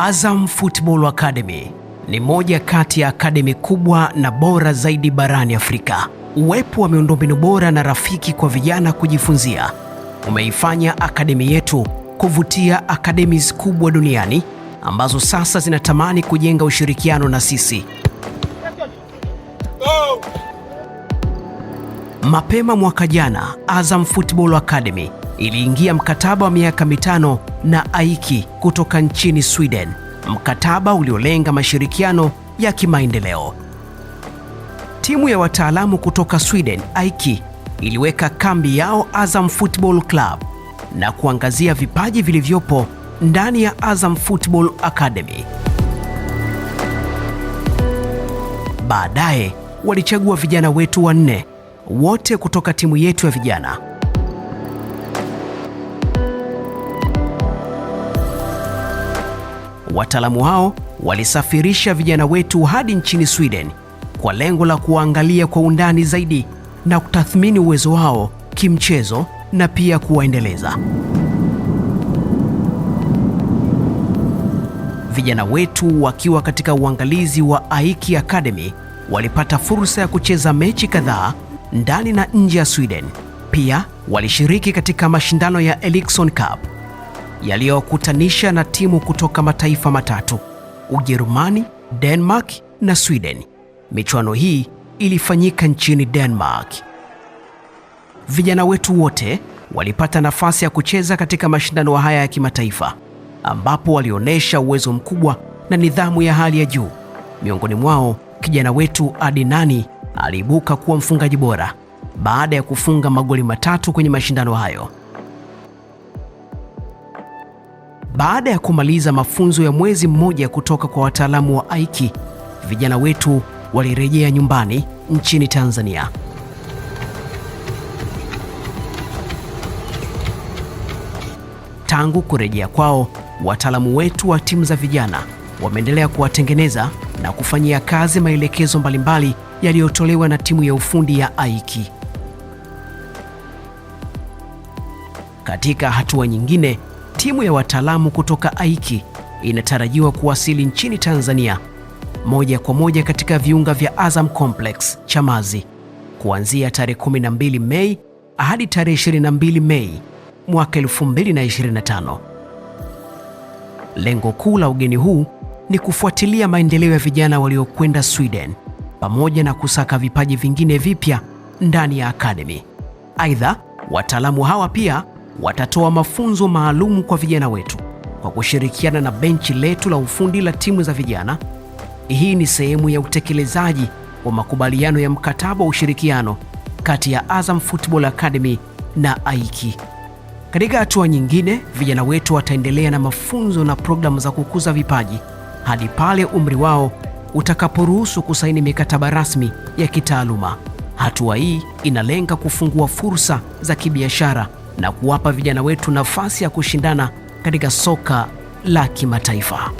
Azam Football Academy ni moja kati ya akademi kubwa na bora zaidi barani Afrika. Uwepo wa miundombinu bora na rafiki kwa vijana kujifunzia umeifanya akademi yetu kuvutia akademi kubwa duniani ambazo sasa zinatamani kujenga ushirikiano na sisi. Mapema mwaka jana, Azam Football Academy iliingia mkataba wa miaka mitano na AIKI kutoka nchini Sweden, mkataba uliolenga mashirikiano ya kimaendeleo. Timu ya wataalamu kutoka Sweden AIKI iliweka kambi yao Azam Football Club na kuangazia vipaji vilivyopo ndani ya Azam Football Academy. Baadaye walichagua vijana wetu wanne, wote kutoka timu yetu ya vijana Wataalamu hao walisafirisha vijana wetu hadi nchini Sweden kwa lengo la kuwaangalia kwa undani zaidi na kutathmini uwezo wao kimchezo na pia kuwaendeleza. Vijana wetu wakiwa katika uangalizi wa Aiki Academy walipata fursa ya kucheza mechi kadhaa ndani na nje ya Sweden. Pia walishiriki katika mashindano ya Ericsson Cup yaliyokutanisha na timu kutoka mataifa matatu: Ujerumani, Denmark na Sweden. Michuano hii ilifanyika nchini Denmark. Vijana wetu wote walipata nafasi ya kucheza katika mashindano haya ya kimataifa ambapo walionyesha uwezo mkubwa na nidhamu ya hali ya juu. Miongoni mwao kijana wetu Adinani aliibuka kuwa mfungaji bora baada ya kufunga magoli matatu kwenye mashindano hayo. Baada ya kumaliza mafunzo ya mwezi mmoja kutoka kwa wataalamu wa Aiki, vijana wetu walirejea nyumbani nchini Tanzania. Tangu kurejea kwao, wataalamu wetu wa timu za vijana wameendelea kuwatengeneza na kufanyia kazi maelekezo mbalimbali yaliyotolewa na timu ya ufundi ya Aiki. Katika hatua nyingine, Timu ya wataalamu kutoka AIKI inatarajiwa kuwasili nchini Tanzania moja kwa moja katika viunga vya Azam Complex Chamazi kuanzia tarehe 12 Mei hadi tarehe 22 Mei mwaka 2025. Lengo kuu la ugeni huu ni kufuatilia maendeleo ya vijana waliokwenda Sweden pamoja na kusaka vipaji vingine vipya ndani ya akademi. Aidha, wataalamu hawa pia watatoa mafunzo maalum kwa vijana wetu kwa kushirikiana na benchi letu la ufundi la timu za vijana. Hii ni sehemu ya utekelezaji wa makubaliano ya mkataba wa ushirikiano kati ya Azam Football Academy na Aiki. Katika hatua nyingine, vijana wetu wataendelea na mafunzo na programu za kukuza vipaji hadi pale umri wao utakaporuhusu kusaini mikataba rasmi ya kitaaluma. Hatua hii inalenga kufungua fursa za kibiashara na kuwapa vijana wetu nafasi ya kushindana katika soka la kimataifa.